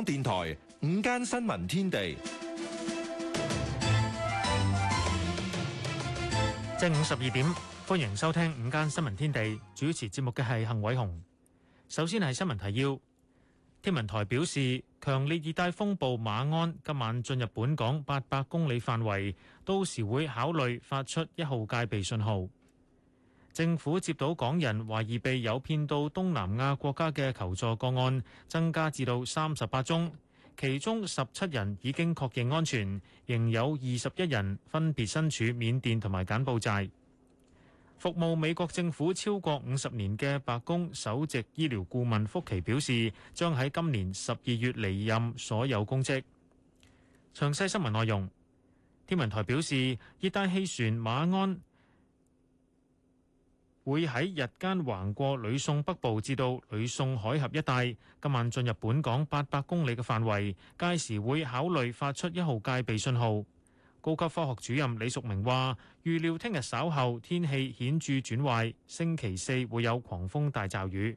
香港電台午間新聞天地，正午十二點，歡迎收聽午間新聞天地。主持節目嘅係幸偉雄。首先係新聞提要。天文台表示，強烈熱帶風暴馬鞍今晚進入本港八百公里範圍，到時會考慮發出一號戒備信號。政府接到港人懷疑被誘騙到東南亞國家嘅求助個案，增加至到三十八宗，其中十七人已經確認安全，仍有二十一人分別身處緬甸同埋柬埔寨。服務美國政府超過五十年嘅白宮首席醫療顧問福奇表示，將喺今年十二月離任所有公職。詳細新聞內容，天文台表示熱帶氣旋馬鞍會喺日間橫過呂宋北部至到呂宋海峽一帶，今晚進入本港八百公里嘅範圍，屆時會考慮發出一號戒備信號。高級科學主任李淑明話：預料聽日稍後天氣顯著轉壞，星期四會有狂風大驟雨。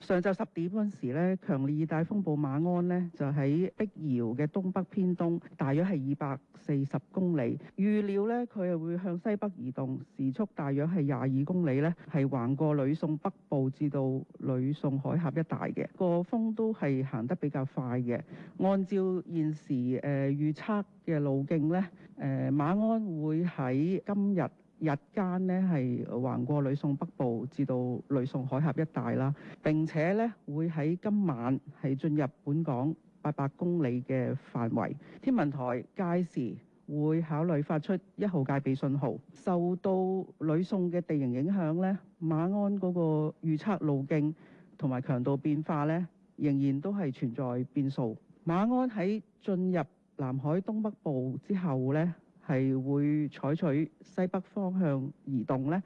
上晝十點嗰時咧，強烈熱帶風暴馬鞍咧就喺碧瑤嘅東北偏東，大約係二百四十公里。預料呢，佢係會向西北移動，時速大約係廿二公里咧，係橫過呂宋北部至到呂宋海峽一帶嘅，個風都係行得比較快嘅。按照現時誒預測嘅路徑呢，誒馬鞍會喺今日。日間呢，係橫過呂宋北部，至到呂宋海峽一帶啦。並且呢會喺今晚係進入本港八百公里嘅範圍。天文台屆時會考慮發出一號戒備信號。受到呂宋嘅地形影響呢，馬鞍嗰個預測路徑同埋強度變化呢，仍然都係存在變數。馬鞍喺進入南海東北部之後呢。係會採取西北方向移動咧，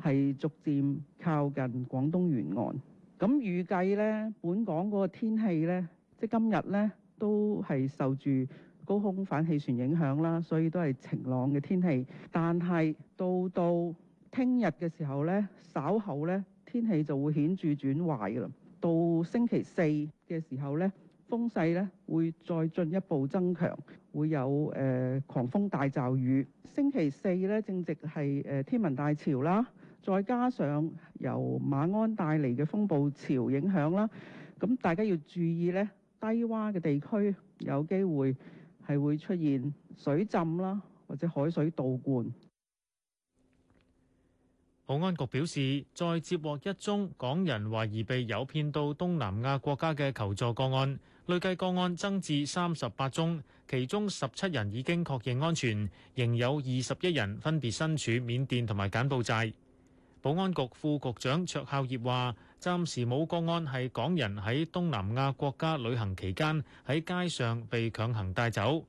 係逐漸靠近廣東沿岸。咁預計咧，本港嗰個天氣咧，即係今日咧，都係受住高空反氣旋影響啦，所以都係晴朗嘅天氣。但係到到聽日嘅時候咧，稍後咧天氣就會顯著轉壞噶啦。到星期四嘅時候咧，風勢咧會再進一步增強。會有誒、呃、狂風大驟雨。星期四咧，正值係誒天文大潮啦，再加上由馬鞍帶嚟嘅風暴潮影響啦，咁大家要注意咧，低窪嘅地區有機會係會出現水浸啦，或者海水倒灌。保安局表示，再接獲一宗港人懷疑被誘騙到東南亞國家嘅求助個案。累計個案增至三十八宗，其中十七人已經確認安全，仍有二十一人分別身處緬甸同埋柬埔寨。保安局副局長卓孝業話，暫時冇個案係港人喺東南亞國家旅行期間喺街上被強行帶走。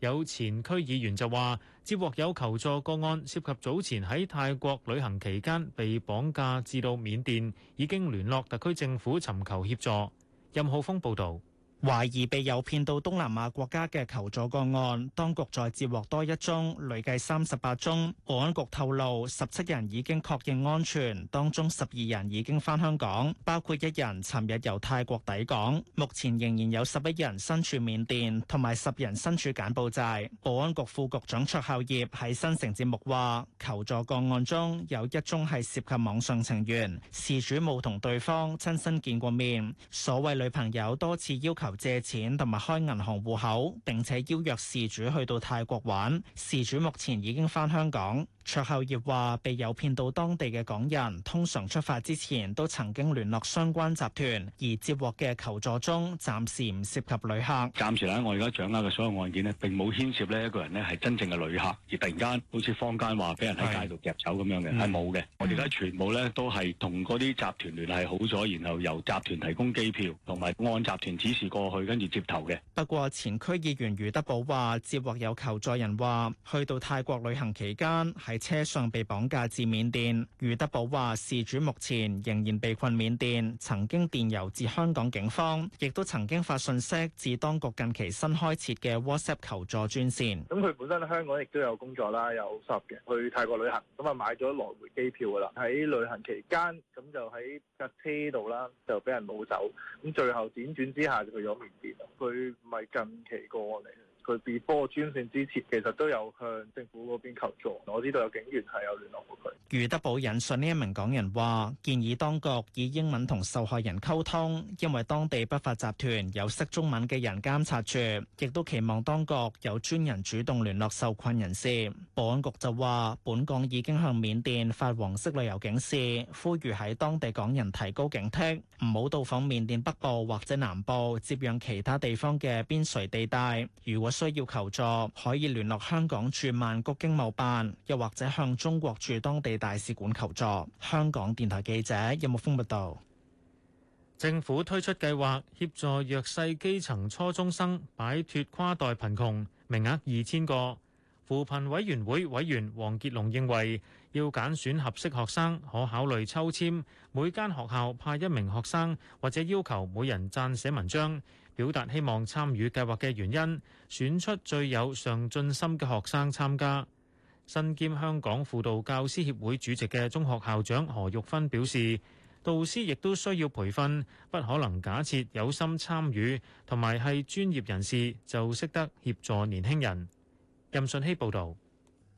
有前區議員就話，接獲有求助個案涉及早前喺泰國旅行期間被綁架至到緬甸，已經聯絡特區政府尋求協助。任浩峰報導。懷疑被誘騙到東南亞國家嘅求助個案，當局再接獲多一宗，累計三十八宗。保安局透露，十七人已經確認安全，當中十二人已經返香港，包括一人尋日由泰國抵港。目前仍然有十一人身處緬甸，同埋十人身處柬埔寨。保安局副局長卓孝業喺新城節目話：求助個案中有一宗係涉及網上情緣，事主冇同對方親身見過面，所謂女朋友多次要求。求借錢同埋開銀行戶口，並且邀約事主去到泰國玩。事主目前已經返香港。卓孝業話：被誘騙到當地嘅港人，通常出發之前都曾經聯絡相關集團，而接獲嘅求助中，暫時唔涉及旅客。暫時呢，我而家掌握嘅所有案件呢，並冇牽涉呢一個人呢係真正嘅旅客，而突然間好似坊間話俾人喺街度夾走咁樣嘅，係冇嘅。是我哋而家全部呢都係同嗰啲集團聯繫好咗，然後由集團提供機票，同埋按集團指示。過去跟住接頭嘅。不過前區議員余德寶話，接獲有求助人話，去到泰國旅行期間喺車上被綁架至緬甸。余德寶話，事主目前仍然被困緬甸，曾經電郵至香港警方，亦都曾經發信息至當局近期新開設嘅 WhatsApp 求助專線。咁佢本身香港亦都有工作啦，有收入嘅，去泰國旅行，咁啊買咗來回機票噶啦，喺旅行期間，咁就喺架車度啦，就俾人擄走，咁最後輾轉之下咗面啲啦，佢唔係近期過嚟。佢被波專線支持，其實都有向政府嗰邊求助。我知道有警員係有聯絡過佢。余德寶引述呢一名港人話，建議當局以英文同受害人溝通，因為當地不法集團有識中文嘅人監察住，亦都期望當局有專人主動聯絡受困人士。保安局就話，本港已經向緬甸發黃色旅遊警示，呼籲喺當地港人提高警惕，唔好到訪緬甸北部或者南部接壤其他地方嘅邊陲地帶。如果需要求助，可以聯絡香港駐曼谷經貿辦，又或者向中國駐當地大使館求助。香港電台記者任木豐報道。有有政府推出計劃協助弱勢基層初中生擺脫跨代貧窮，名額二千個。扶貧委員會委員王傑龍認為，要揀選，選合適學生，可考慮抽籤，每間學校派一名學生，或者要求每人撰寫文章。表達希望參與計劃嘅原因，選出最有上進心嘅學生參加。身兼香港輔導教師協會主席嘅中學校長何玉芬表示，導師亦都需要培訓，不可能假設有心參與，同埋係專業人士就識得協助年輕人。任信希報導。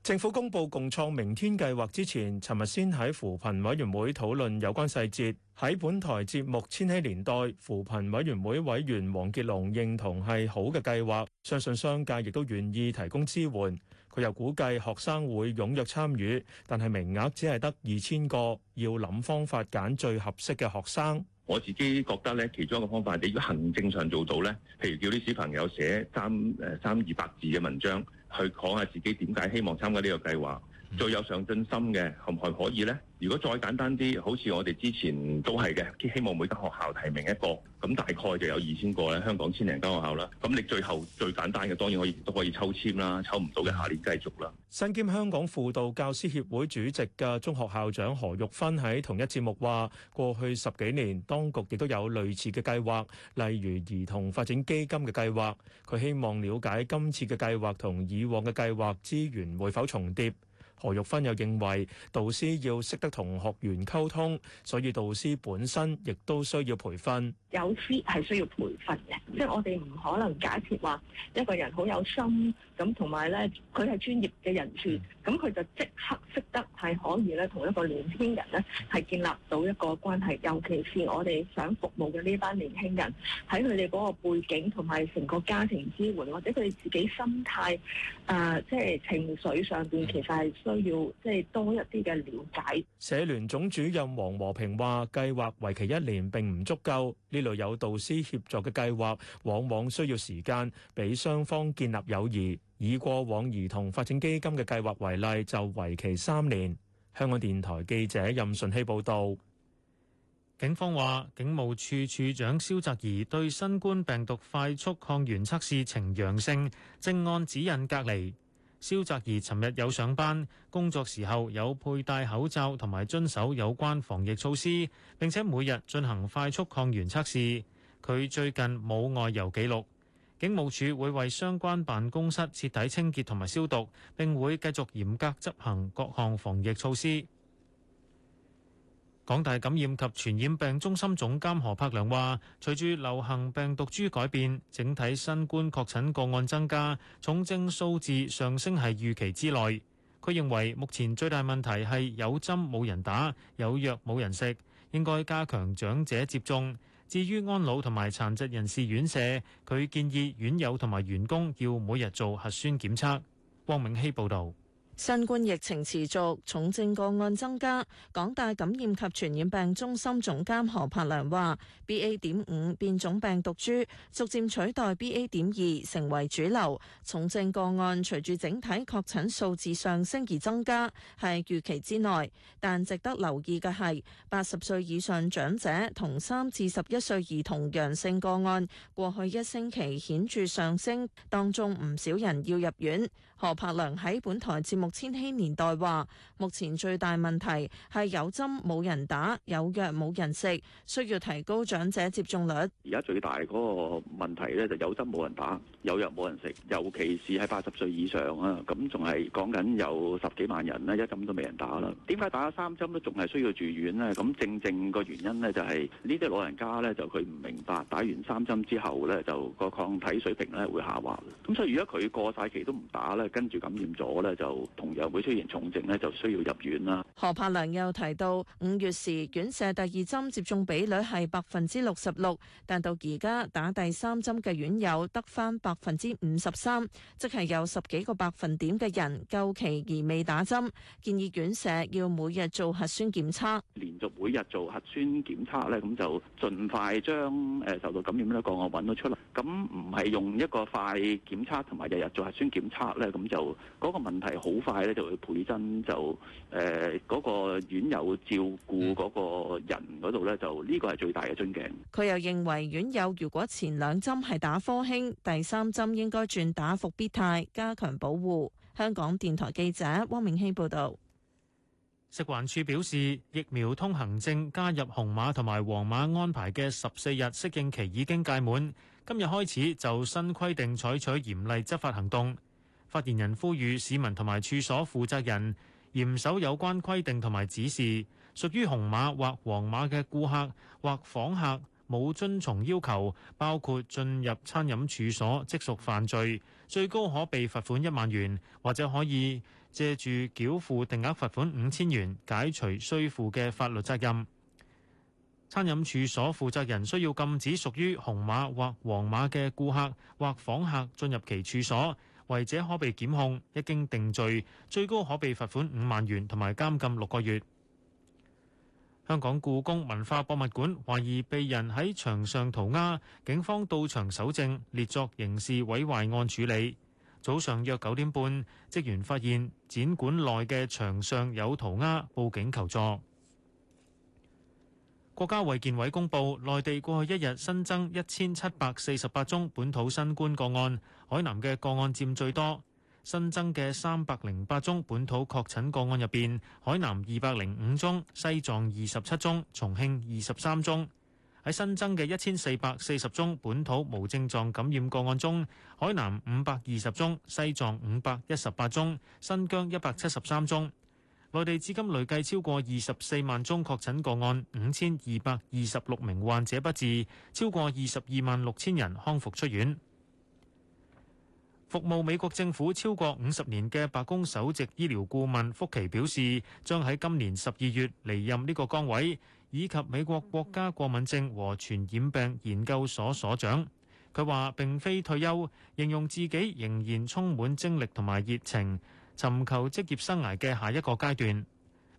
政府公布《共創明天計劃》之前，尋日先喺扶貧委員會討論有關細節。喺本台節目《千禧年代》，扶貧委員會委員黃傑龍認同係好嘅計劃，相信商界亦都願意提供支援。佢又估計學生會踴躍參與，但係名額只係得二千個，要諗方法揀最合適嘅學生。我自己覺得咧，其中一個方法，你如果行政上做到咧，譬如叫啲小朋友寫三誒三二百字嘅文章。去講下自己點解希望參加呢個計劃。最有上進心嘅，可唔可以呢？如果再簡單啲，好似我哋之前都係嘅，希望每間學校提名一個，咁大概就有二千個咧。香港千零間學校啦，咁你最後最簡單嘅當然可以都可以抽籤啦，抽唔到嘅下年繼續啦。身兼香港輔導教師協會主席嘅中學校長何玉芬喺同一節目話，過去十幾年，當局亦都有類似嘅計劃，例如兒童發展基金嘅計劃。佢希望了解今次嘅計劃同以往嘅計劃資源會否重疊。何玉芬又認為導師要識得同學員溝通，所以導師本身亦都需要培訓。有師係需要培訓嘅，即係我哋唔可能假設話一個人好有心咁，同埋咧佢係專業嘅人士，咁佢就即刻識得係可以咧同一個年輕人咧係建立到一個關係。尤其是我哋想服務嘅呢班年輕人，喺佢哋嗰個背景同埋成個家庭支援，或者佢哋自己心態啊，即係情緒上邊其實係。都需要即係多一啲嘅了解。社聯總主任王和平話，計劃為期一年並，並唔足夠。呢類有導師協助嘅計劃，往往需要時間俾雙方建立友誼。以過往兒童發展基金嘅計劃為例，就為期三年。香港電台記者任順希報道。警方話，警務處處長蕭澤頤對新冠病毒快速抗原測試呈陽性，正按指引隔離。蕭澤怡尋日有上班，工作時候有佩戴口罩同埋遵守有關防疫措施，並且每日進行快速抗原測試。佢最近冇外遊記錄。警務處會為相關辦公室徹底清潔同埋消毒，並會繼續嚴格執行各項防疫措施。港大感染及傳染病中心總監何柏良話：隨住流行病毒株改變，整體新冠確診個案增加，重症數字上升係預期之內。佢認為目前最大問題係有針冇人打，有藥冇人食，應該加強長者接種。至於安老同埋殘疾人士院舍，佢建議院友同埋員工要每日做核酸檢測。汪永熙報導。新冠疫情持續，重症個案增加。港大感染及傳染病中心總監何柏良話：BA.5 變種病毒株逐漸取代 BA.2 成為主流，重症個案隨住整體確診數字上升而增加，係預期之內。但值得留意嘅係，八十歲以上長者同三至十一歲兒童陽性個案，過去一星期顯著上升，當中唔少人要入院。何柏良喺本台節目《千禧年代》話：目前最大問題係有針冇人打，有藥冇人食，需要提高長者接種率。而家最大嗰個問題咧，就有針冇人打，有藥冇人食，尤其是喺八十歲以上啊，咁仲係講緊有十幾萬人咧，一針都未人打啦。點解打咗三針都仲係需要住院呢？咁正正個原因呢，就係呢啲老人家咧，就佢唔明白打完三針之後咧，就個抗體水平咧會下滑。咁所以如果佢過晒期都唔打咧，跟住感染咗咧，就同樣會出現重症咧，就需要入院啦。何柏良又提到，五月時院舍第二針接種比率係百分之六十六，但到而家打第三針嘅院友得翻百分之五十三，即係有十幾個百分點嘅人，夠期而未打針，建議院舍要每日做核酸檢測，連續每日做核酸檢測咧，咁就盡快將誒受到感染嘅個案揾到出嚟。咁唔係用一個快檢測同埋日日做核酸檢測咧。咁就嗰個問題好快咧，就會倍增。就誒嗰個院友照顧嗰個人嗰度咧，就呢個係最大嘅樽頸，佢又認為院友如果前兩針係打科興第三針應該轉打伏必泰，加強保護。香港電台記者汪明希報道。食環署表示，疫苗通行證加入紅碼同埋黃碼安排嘅十四日適應期已經屆滿今日開始就新規定採取嚴厲執法行動。發言人呼籲市民同埋處所負責人嚴守有關規定同埋指示。屬於紅碼或黃碼嘅顧客或訪客冇遵從要求，包括進入餐飲處所，即屬犯罪，最高可被罰款一萬元，或者可以藉住繳付定額罰款五千元，解除須負嘅法律責任。餐飲處所負責人需要禁止屬於紅碼或黃碼嘅顧客或訪客進入其處所。違者可被檢控，一經定罪，最高可被罰款五萬元，同埋監禁六個月。香港故宮文化博物館懷疑被人喺牆上塗鴉，警方到場搜證，列作刑事毀壞案處理。早上約九點半，職員發現展館內嘅牆上有塗鴉，報警求助。國家衛健委公佈，內地過去一日新增一千七百四十八宗本土新冠個案，海南嘅個案佔最多。新增嘅三百零八宗本土確診個案入邊，海南二百零五宗，西藏二十七宗，重慶二十三宗。喺新增嘅一千四百四十宗本土無症狀感染個案中，海南五百二十宗，西藏五百一十八宗，新疆一百七十三宗。內地至今累計超過二十四萬宗確診個案，五千二百二十六名患者不治，超過二十二萬六千人康復出院。服務美國政府超過五十年嘅白宮首席醫療顧問福奇表示，將喺今年十二月離任呢個崗位，以及美國國家過敏症和傳染病研究所所長。佢話並非退休，形容自己仍然充滿精力同埋熱情。尋求職業生涯嘅下一個階段。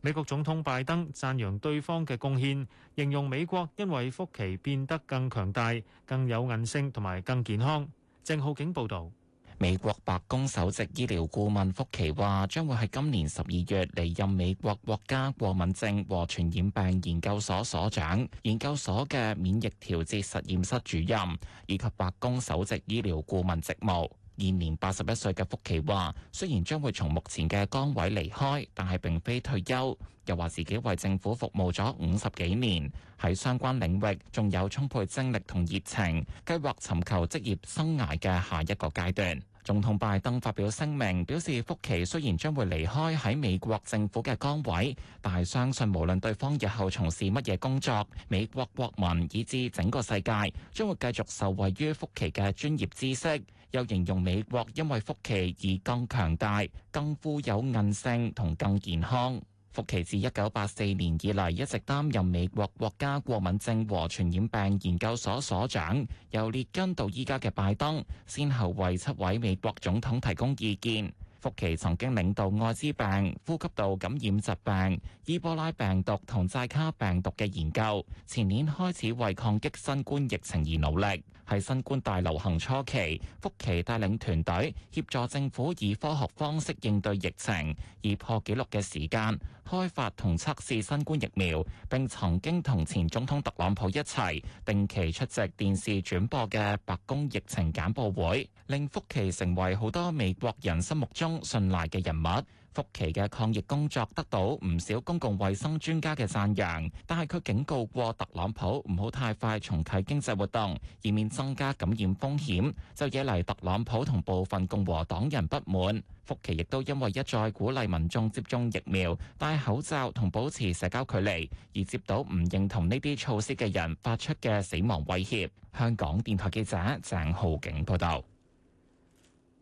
美國總統拜登讚揚對方嘅貢獻，形容美國因為福奇變得更強大、更有韌性同埋更健康。鄭浩景報導。美國白宮首席醫療顧問福奇話，將會喺今年十二月離任美國國家過敏症和傳染病研究所所長、研究所嘅免疫調節實驗室主任以及白宮首席醫療顧問職務。現年八十一歲嘅福奇話，雖然將會從目前嘅崗位離開，但係並非退休。又話自己為政府服務咗五十幾年，喺相關領域仲有充沛精力同熱情，計劃尋求職業生涯嘅下一個階段。總統拜登發表聲明，表示福奇雖然將會離開喺美國政府嘅崗位，但係相信無論對方日後從事乜嘢工作，美國國民以至整個世界將會繼續受惠於福奇嘅專業知識。又形容美國因為福奇而更強大、更富有韌性同更健康。福奇自一九八四年以嚟一直擔任美國國家過敏症和傳染病研究所所長，由列根到依家嘅拜登，先後為七位美國總統提供意見。福奇曾經領導艾滋病、呼吸道感染疾病、伊波拉病毒同寨卡病毒嘅研究，前年開始為抗擊新冠疫情而努力。喺新冠大流行初期，福奇帶領團隊協助政府以科學方式應對疫情，以破紀錄嘅時間開發同測試新冠疫苗，並曾經同前總統特朗普一齊定期出席電視轉播嘅白宮疫情簡報會，令福奇成為好多美國人心目中信賴嘅人物。福奇嘅抗疫工作得到唔少公共衛生專家嘅讚揚，但係佢警告過特朗普唔好太快重啟經濟活動，以免增加感染風險，就惹嚟特朗普同部分共和黨人不滿。福奇亦都因為一再鼓勵民眾接種疫苗、戴口罩同保持社交距離，而接到唔認同呢啲措施嘅人發出嘅死亡威脅。香港電台記者鄭浩景報道。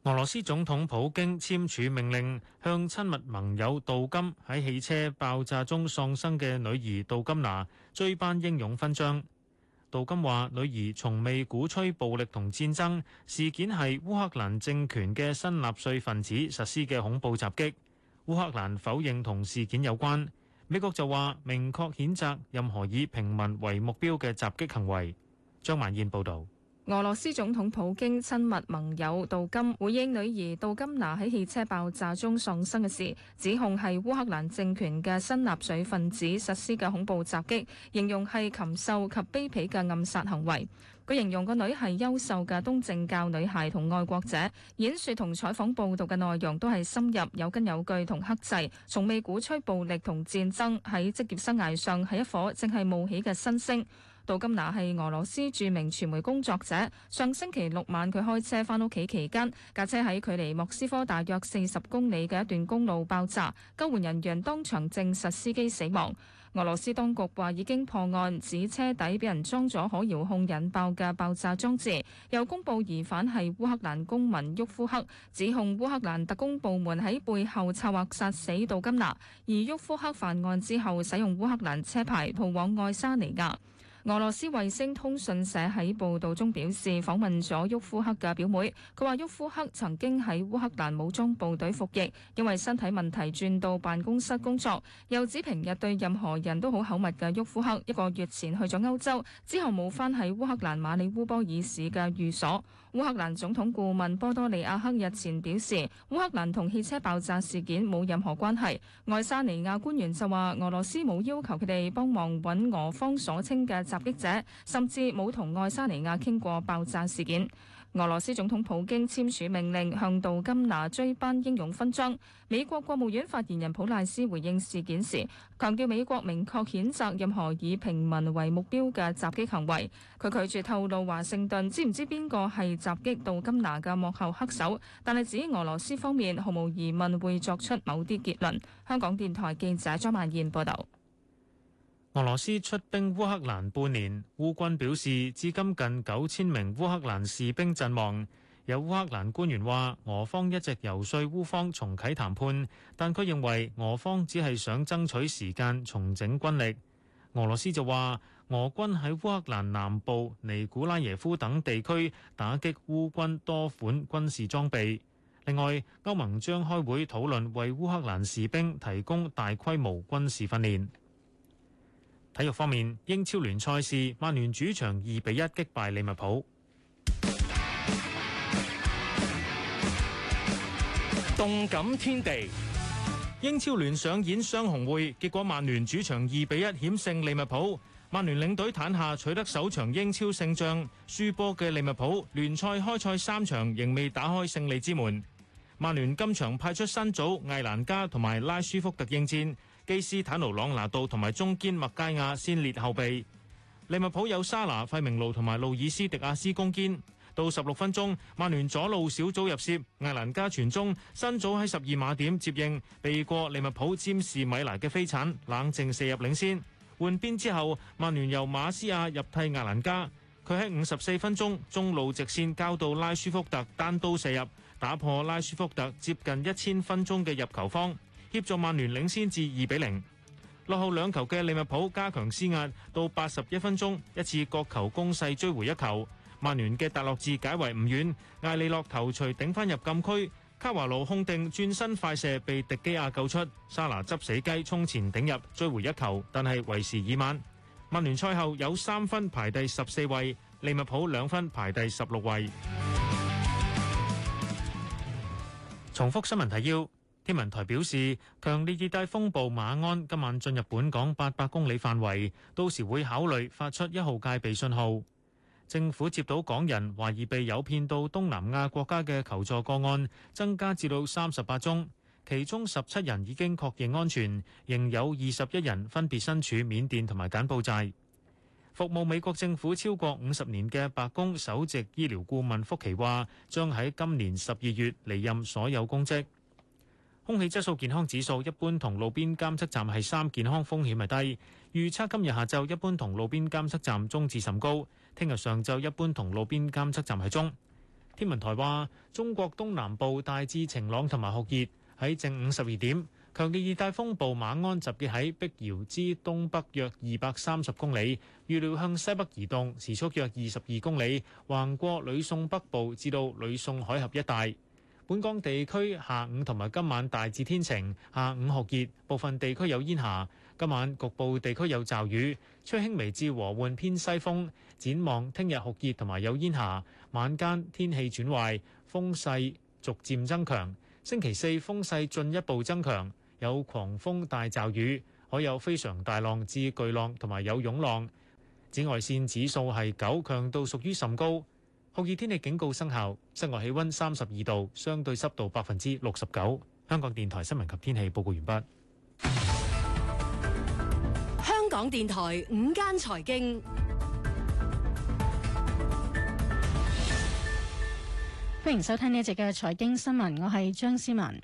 俄羅斯總統普京簽署命令，向親密盟友杜金喺汽車爆炸中喪生嘅女兒杜金娜追頒英勇勳章。杜金話：女兒從未鼓吹暴力同戰爭，事件係烏克蘭政權嘅新納粹分子實施嘅恐怖襲擊。烏克蘭否認同事件有關。美國就話明確譴責任何以平民為目標嘅襲擊行為。張曼燕報道。俄羅斯總統普京親密盟友杜金回應女兒杜金娜喺汽車爆炸中喪生嘅事，指控係烏克蘭政權嘅新納粹分子實施嘅恐怖襲擊，形容係禽獸及卑鄙嘅暗殺行為。佢形容個女係優秀嘅東正教女孩同愛國者，演說同採訪報導嘅內容都係深入、有根有據同克制，從未鼓吹暴力同戰爭。喺職業生涯上係一顆正係冒起嘅新星。杜金娜係俄羅斯著名傳媒工作者。上星期六晚，佢開車翻屋企期間，架車喺距離莫斯科大約四十公里嘅一段公路爆炸，救援人員當場證實司機死亡。俄羅斯當局話已經破案，指車底俾人裝咗可遙控引爆嘅爆炸裝置。又公佈疑犯係烏克蘭公民沃夫克，指控烏克蘭特工部門喺背後策劃殺死杜金娜，而沃夫克犯案之後使用烏克蘭車牌逃往愛沙尼亞。俄羅斯衛星通訊社喺報導中表示，訪問咗沃夫克嘅表妹，佢話沃夫克曾經喺烏克蘭武裝部隊服役，因為身體問題轉到辦公室工作。又指平日對任何人都好口密嘅沃夫克，一個月前去咗歐洲，之後冇返喺烏克蘭馬里烏波爾市嘅寓所。烏克蘭總統顧問波多利亞克日前表示，烏克蘭同汽車爆炸事件冇任何關係。愛沙尼亞官員就話，俄羅斯冇要求佢哋幫忙揾俄方所稱嘅襲擊者，甚至冇同愛沙尼亞傾過爆炸事件。俄羅斯總統普京簽署命令，向杜金娜追頒英勇勳章。美國國務院發言人普賴斯回應事件時，強調美國明確譴責任何以平民為目標嘅襲擊行為。佢拒絕透露華盛頓知唔知邊個係襲擊杜金娜嘅幕後黑手，但係指俄羅斯方面毫無疑問會作出某啲結論。香港電台記者張曼燕報道。俄羅斯出兵烏克蘭半年，烏軍表示至今近九千名烏克蘭士兵陣亡。有烏克蘭官員話，俄方一直遊說烏方重啟談判，但佢認為俄方只係想爭取時間重整軍力。俄羅斯就話，俄軍喺烏克蘭南部尼古拉耶夫等地區打擊烏軍多款軍事裝備。另外，歐盟將開會討論為烏克蘭士兵提供大規模軍事訓練。體育方面，英超聯賽事，曼聯主場二比一擊敗利物浦。動感天地，英超聯上演雙紅會，結果曼聯主場二比一險勝利物浦。曼聯領隊坦下取得首場英超勝仗，輸波嘅利物浦聯賽開賽三場仍未打開勝利之門。曼聯今場派出新組艾蘭加同埋拉舒福特應戰，基斯坦奴朗拿度同埋中堅麥加亞先列後備，利物浦有沙拿、費明路同埋路爾斯迪亞斯攻堅。到十六分鐘，曼聯左路小組入楔，艾蘭加傳中，辛祖喺十二碼點接應，避過利物浦詹士米拿嘅飛鏟，冷靜射入領先。換邊之後，曼聯由馬斯亞入替艾蘭加，佢喺五十四分鐘中路直線交到拉舒福特，單刀射入，打破拉舒福特接近一千分鐘嘅入球荒。協助曼聯領先至二比零，落後兩球嘅利物浦加強施壓，到八十一分鐘一次角球攻勢追回一球。曼聯嘅達洛治解圍唔遠，艾利洛頭錘頂返入禁區，卡華奴控定轉身快射被迪基亞救出，沙拿執死雞衝前頂入追回一球，但係為時已晚。曼聯賽後有三分排第十四位，利物浦兩分排第十六位。重複新聞提要。天文台表示，強烈熱帶風暴馬鞍今晚進入本港八百公里範圍，到時會考慮發出一號戒備信號。政府接到港人懷疑被誘騙到東南亞國家嘅求助個案增加至到三十八宗，其中十七人已經確認安全，仍有二十一人分別身處緬甸同埋柬埔寨。服務美國政府超過五十年嘅白宮首席醫療顧問福奇話，將喺今年十二月離任所有公職。空氣質素健康指數一般同路邊監測站係三，健康風險係低。預測今日下晝一般同路邊監測站中至甚高，聽日上晝一般同路邊監測站係中。天文台話，中國東南部大致晴朗同埋酷熱，喺正午十二點，強烈熱帶風暴馬鞍集結喺碧瑤之東北約二百三十公里，預料向西北移動，時速約二十二公里，橫過呂宋北部至到呂宋海峽一帶。本港地區下午同埋今晚大致天晴，下午酷熱，部分地區有煙霞。今晚局部地區有驟雨，吹輕微至和緩偏西風。展望聽日酷熱同埋有煙霞，晚間天氣轉壞，風勢逐漸增強。星期四風勢進一步增強，有狂風大驟雨，可有非常大浪至巨浪同埋有湧浪。紫外線指數係九，強度屬於甚高。酷熱天氣警告生效，室外氣溫三十二度，相對濕度百分之六十九。香港電台新聞及天氣報告完畢。香港電台午間財經，歡迎收聽呢一節嘅財經新聞，我係張思文。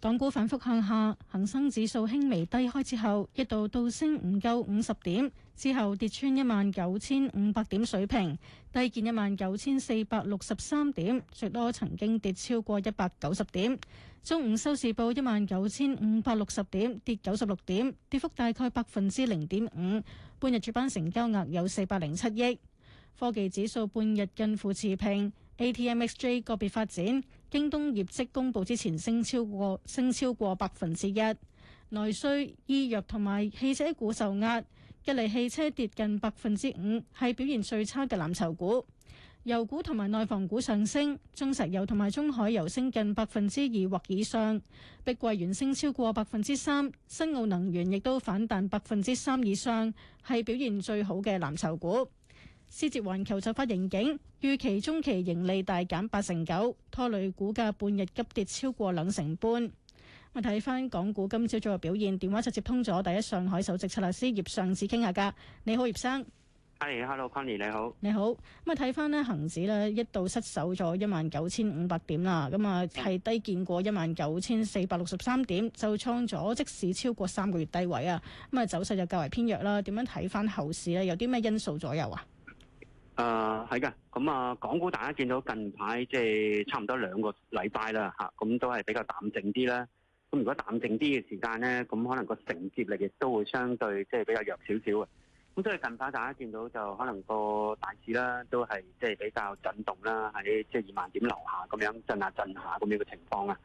港股反復向下，恒生指數輕微低開之後，一度倒升唔夠五十點。之後跌穿一萬九千五百點水平，低見一萬九千四百六十三點，最多曾經跌超過一百九十點。中午收市報一萬九千五百六十點，跌九十六點，跌幅大概百分之零點五。半日主板成交額有四百零七億。科技指數半日近乎持平，A T M x J 個別發展。京東業績公佈之前升超過升超過百分之一。內需醫藥同埋汽車股受壓。吉利汽車跌近百分之五，係表現最差嘅藍籌股。油股同埋內房股上升，中石油同埋中海油升近百分之二或以上。碧桂園升超過百分之三，新奧能源亦都反彈百分之三以上，係表現最好嘅藍籌股。思捷環球就發盈警，預期中期盈利大減八成九，拖累股價半日急跌超過兩成半。我睇翻港股今朝早嘅表現，電話就接通咗第一上海首席策略師葉尚志傾下㗎。你好，葉生。Hi，hello，Connie，你好。你好。咁啊，睇翻咧，恒指咧一度失守咗一萬九千五百點啦。咁啊，係低見過一萬九千四百六十三點，就創咗，即市超過三個月低位啊。咁啊，走勢就較為偏弱啦。點樣睇翻後市咧？有啲咩因素左右啊？啊、uh，係嘅。咁啊，港股大家見到近排即係差唔多兩個禮拜啦吓，咁都係比較淡靜啲啦。咁如果淡靜啲嘅時間咧，咁可能個承接力亦都會相對即係比較弱少少啊。咁所以近排大家見到就可能個大市啦，都係即係比較震動啦，喺即係二萬點樓下咁樣震下震下咁樣嘅情況啊。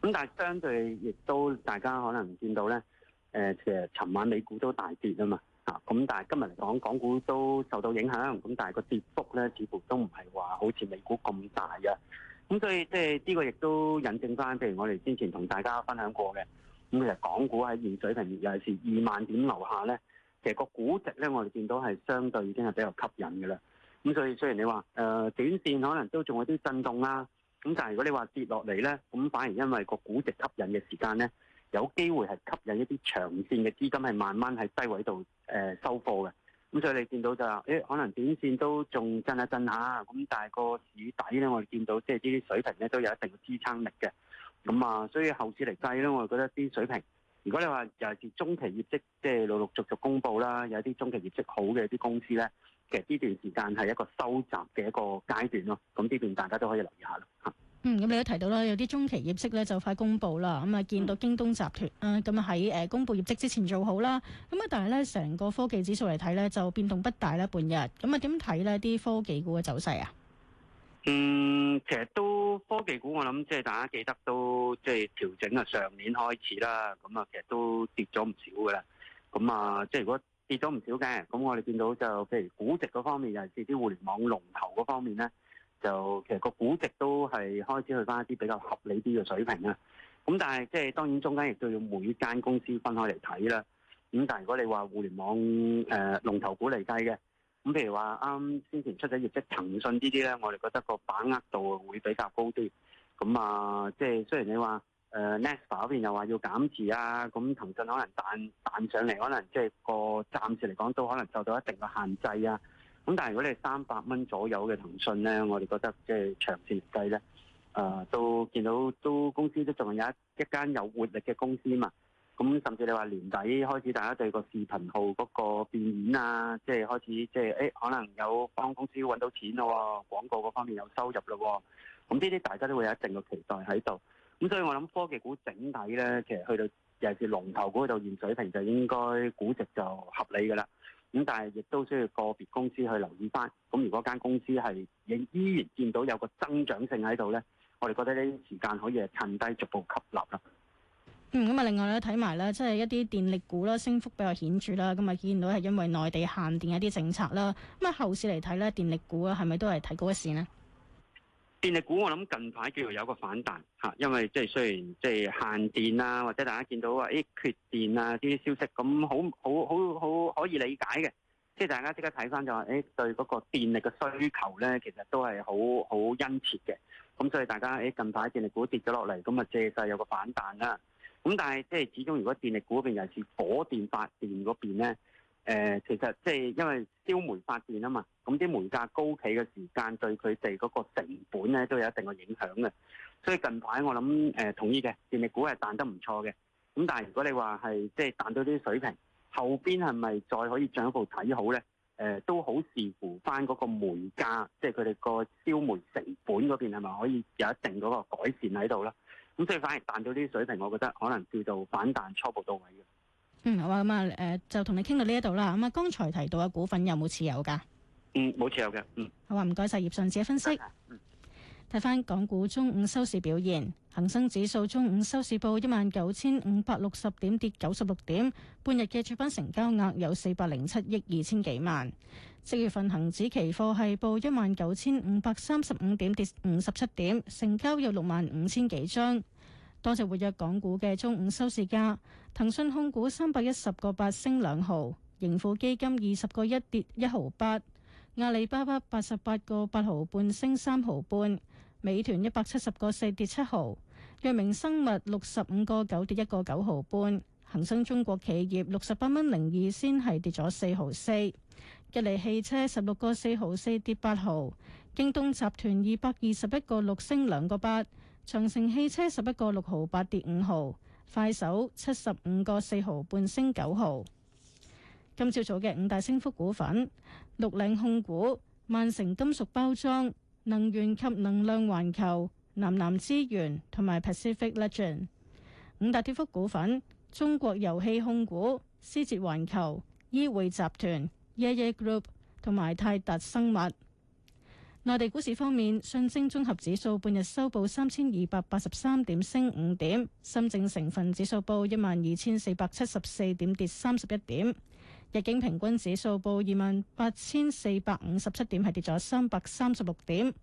咁但係相對亦都大家可能見到咧，誒、呃、其實尋晚美股都大跌啊嘛啊。咁但係今日嚟講，港股都受到影響，咁但係個跌幅咧似乎都唔係話好似美股咁大嘅。咁所以即係呢個亦都引證翻，譬如我哋之前同大家分享過嘅，咁其實港股喺現水平，尤其是二萬點樓下咧，其實個估值咧，我哋見到係相對已經係比較吸引嘅啦。咁所以雖然你話誒、呃、短線可能都仲有啲震動啦、啊，咁但係如果你話跌落嚟咧，咁反而因為個估值吸引嘅時間咧，有機會係吸引一啲長線嘅資金係慢慢喺低位度誒收貨嘅。咁所以你見到就誒、欸，可能短線都仲震一震下，咁但係個市底咧，我哋見到即係呢啲水平咧都有一定嘅支撐力嘅，咁啊，所以後市嚟計咧，我覺得啲水平，如果你話尤其是中期業績，即係陸陸續續公佈啦，有啲中期業績好嘅啲公司咧，其實呢段時間係一個收集嘅一個階段咯，咁呢邊大家都可以留意下咯嚇。嗯，咁你都提到啦，有啲中期業績咧就快公布啦，咁啊見到京東集團啊，咁啊喺誒公佈業績之前做好啦，咁啊但係咧成個科技指數嚟睇咧就變動不大啦。半日，咁啊點睇咧啲科技股嘅走勢啊？嗯，其實都科技股我諗即係大家記得都即係調整啊上年開始啦，咁啊其實都跌咗唔少嘅啦，咁、嗯、啊即係如果跌咗唔少嘅，咁我哋見到就譬如估值嗰方面又係啲互聯網龍頭嗰方面咧。就其實個估值都係開始去翻一啲比較合理啲嘅水平啦。咁但係即係當然中間亦都要每間公司分開嚟睇啦。咁但係如果你話互聯網誒、呃、龍頭股嚟計嘅，咁譬如話啱先前出咗業績騰訊呢啲咧，我哋覺得個把握度會比較高啲。咁啊，即係雖然你話誒 Nasa 嗰邊又話要減持啊，咁騰訊可能彈彈上嚟，可能即係個暫時嚟講都可能受到一定嘅限制啊。咁但係如果你係三百蚊左右嘅騰訊咧，我哋覺得即係長線計咧，啊、呃、都見到都公司都仲有一一間有活力嘅公司嘛。咁、嗯、甚至你話年底開始，開始，大家對個視頻號嗰個變現啊，即係開始即係誒，可能有幫公司揾到錢咯，廣告嗰方面有收入咯。咁呢啲大家都會有一定嘅期待喺度。咁、嗯、所以我諗科技股整體咧，其實去到尤其係龍頭股嗰度現水平就應該估值就合理㗎啦。咁但係亦都需要個別公司去留意返。咁如果間公司係仍依然見到有個增長性喺度咧，我哋覺得呢啲時間可以係趁低逐步吸納啦。嗯，咁啊，另外咧睇埋咧，即係一啲電力股啦，升幅比較顯著啦。咁啊，見到係因為內地限電一啲政策啦。咁啊，後市嚟睇咧，電力股啊，係咪都係睇高一線呢？電力股我諗近排叫做有個反彈吓，因為即係雖然即係限電啊，或者大家見到話誒、哎、缺電啊呢啲消息，咁好好好好可以理解嘅。即係大家即刻睇翻就話誒、哎，對嗰個電力嘅需求咧，其實都係好好殷切嘅。咁所以大家誒、哎、近排電力股跌咗落嚟，咁啊借勢有個反彈啦。咁但係即係始終如果電力股嗰邊尤其係火電發電嗰邊咧。誒、呃，其實即係因為燒煤發電啊嘛，咁啲煤價高企嘅時間，對佢哋嗰個成本咧都有一定嘅影響嘅。所以近排我諗，誒、呃，同意嘅電力股係彈得唔錯嘅。咁但係如果你話係即係彈到啲水平，後邊係咪再可以進一步睇好咧？誒、呃，都好視乎翻嗰個煤價，即係佢哋個燒煤成本嗰邊係咪可以有一定嗰個改善喺度啦？咁所以反而彈到啲水平，我覺得可能叫做反彈初步到位嘅。嗯，好啊，咁啊，誒、呃、就同你傾到呢一度啦。咁、嗯、啊，剛才提到嘅股份有冇持有噶、嗯？嗯，冇持有嘅。嗯。好啊，唔該晒葉順子嘅分析。睇翻港股中午收市表現，恒生指數中午收市報一萬九千五百六十點，跌九十六點。半日嘅主板成交額有四百零七億二千幾萬。即月份恒指期貨係報一萬九千五百三十五點，跌五十七點，成交有六萬五千幾張。多隻活躍港股嘅中午收市價，騰訊控股三百一十個八升兩毫，盈富基金二十個一跌一毫八，阿里巴巴八十八個八毫半升三毫半，美團一百七十個四跌七毫，藥明生物六十五個九跌一個九毫半，恒生中國企業六十八蚊零二先係跌咗四毫四，吉利汽車十六個四毫四跌八毫，京東集團二百二十一個六升兩個八。長城汽車十一個六毫八跌五毫，快手七十五個四毫半升九毫。今朝早嘅五大升幅股份：綠領控股、萬成金屬包裝、能源及能量環球、南南資源同埋 Pacific Legend。五大跌幅股份：中國遊戲控股、思捷環球、依匯集團、YeYe Group 同埋泰達生物。內地股市方面，上證綜合指數半日收報三千二百八十三點，升五點；深證成分指數報一萬二千四百七十四點，跌三十一點；日經平均指數報二萬八千四百五十七點，係跌咗三百三十六點。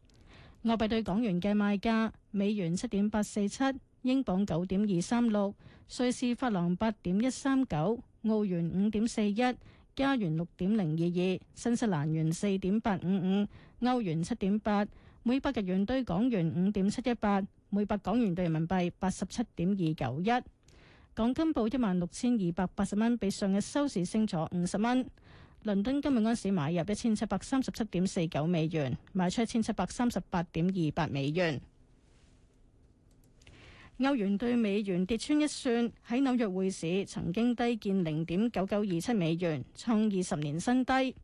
外幣兌港元嘅賣價：美元七點八四七，英鎊九點二三六，瑞士法郎八點一三九，澳元五點四一。加元六點零二二，22，新西蘭元四點八五五，歐元七點八，每百日元兌港元五點七一八，每百港元兌人民幣八十七點二九一。港金報一萬六千二百八十蚊，比上日收市升咗五十蚊。倫敦金每安士買入一千七百三十七點四九美元，賣出一千七百三十八點二八美元。歐元兌美元跌穿一算，喺紐約匯市曾經低見零點九九二七美元，創二十年新低。喺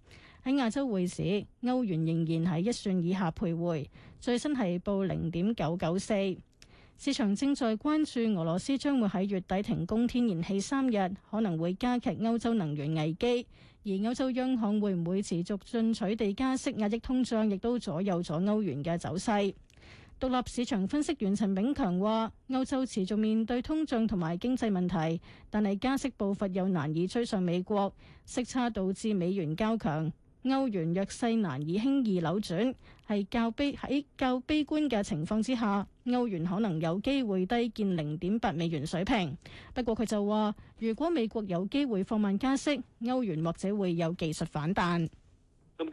亞洲匯市，歐元仍然喺一算以下徘徊。最新係報零點九九四。市場正在關注俄羅斯將會喺月底停供天然氣三日，可能會加劇歐洲能源危機。而歐洲央行會唔會持續進取地加息，壓抑通脹，亦都左右咗歐元嘅走勢。獨立市場分析員陳炳強話：歐洲持續面對通脹同埋經濟問題，但係加息步伐又難以追上美國，息差導致美元較強，歐元弱勢難以輕易扭轉，係較悲喺較悲觀嘅情況之下，歐元可能有機會低見零點八美元水平。不過佢就話，如果美國有機會放慢加息，歐元或者會有技術反彈。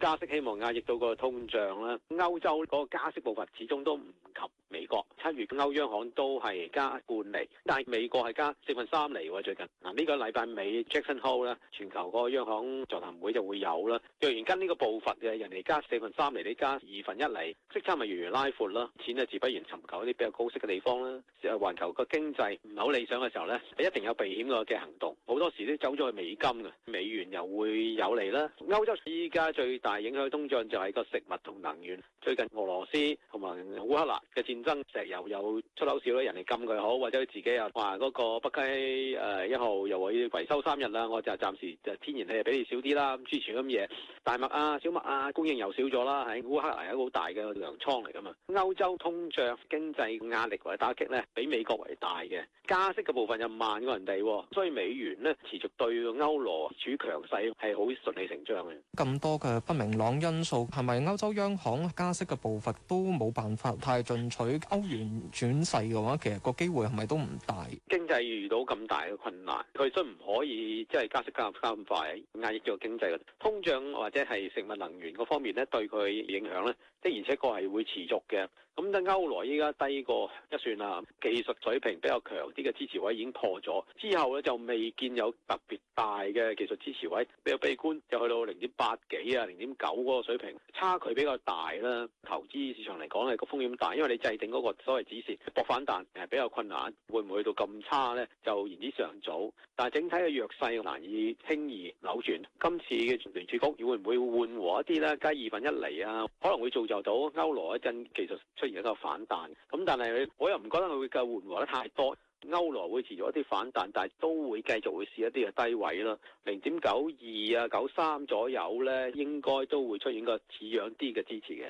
加息希望壓抑到個通脹啦，歐洲嗰個加息步伐始終都唔及。美國七月歐央，央行都係加半釐，但係美國係加四分三釐，喎最近。嗱、啊、呢、這個禮拜尾 Jackson Hole 啦，全球個央行座談會就會有啦。若然跟呢個步伐嘅，人哋加四分三釐，你加二分一釐，息差咪源源拉闊啦。錢啊自不然尋求啲比較高息嘅地方啦。環球個經濟唔係好理想嘅時候咧，一定有避險嘅嘅行動。好多時都走咗去美金嘅，美元又會有利啦。歐洲依家最大影響通脹就係個食物同能源。最近俄羅斯同埋烏克蘭嘅戰。增石油又出口少咧，人哋禁佢好，或者自己又話嗰個北溪誒一號又要維修三日啦，我就暫時就天然氣比你少啲啦。咁之前咁嘢，大麥啊、小麥啊供應又少咗啦，喺烏克蘭係一個好大嘅糧倉嚟噶嘛。歐洲通脹經濟壓力或者打擊咧，比美國為大嘅，加息嘅部分又慢過人哋，所以美元咧持續對歐羅處強勢，係好順理成章嘅。咁多嘅不明朗因素，係咪歐洲央行加息嘅步伐都冇辦法太進取？佢歐元轉勢嘅話，其實個機會係咪都唔大？經濟遇到咁大嘅困難，佢都唔可以即係加息加入三咁快壓抑咗經濟。通脹或者係食物能源嗰方面咧，對佢影響咧，的而且確係會持續嘅。咁等、嗯、歐羅依家低過一算啦，技術水平比較強啲嘅支持位已經破咗，之後咧就未見有特別大嘅技術支持位，比較悲觀，就去到零點八幾啊，零點九嗰個水平，差距比較大啦。投資市場嚟講係個風險大，因為你制定嗰個所謂指示，博反彈係比較困難，會唔會去到咁差呢？就言之尚早，但係整體嘅弱勢難以輕易扭轉。今次嘅聯儲局會唔會緩和一啲呢？加二分一厘啊，可能會造就到歐羅一陣技術。出現一個反彈，咁、嗯、但係我又唔覺得佢會夠緩和得太多。歐羅會持續一啲反彈，但係都會繼續會試一啲嘅低位啦，零點九二啊、九三左右呢應該都會出現個似樣啲嘅支持嘅。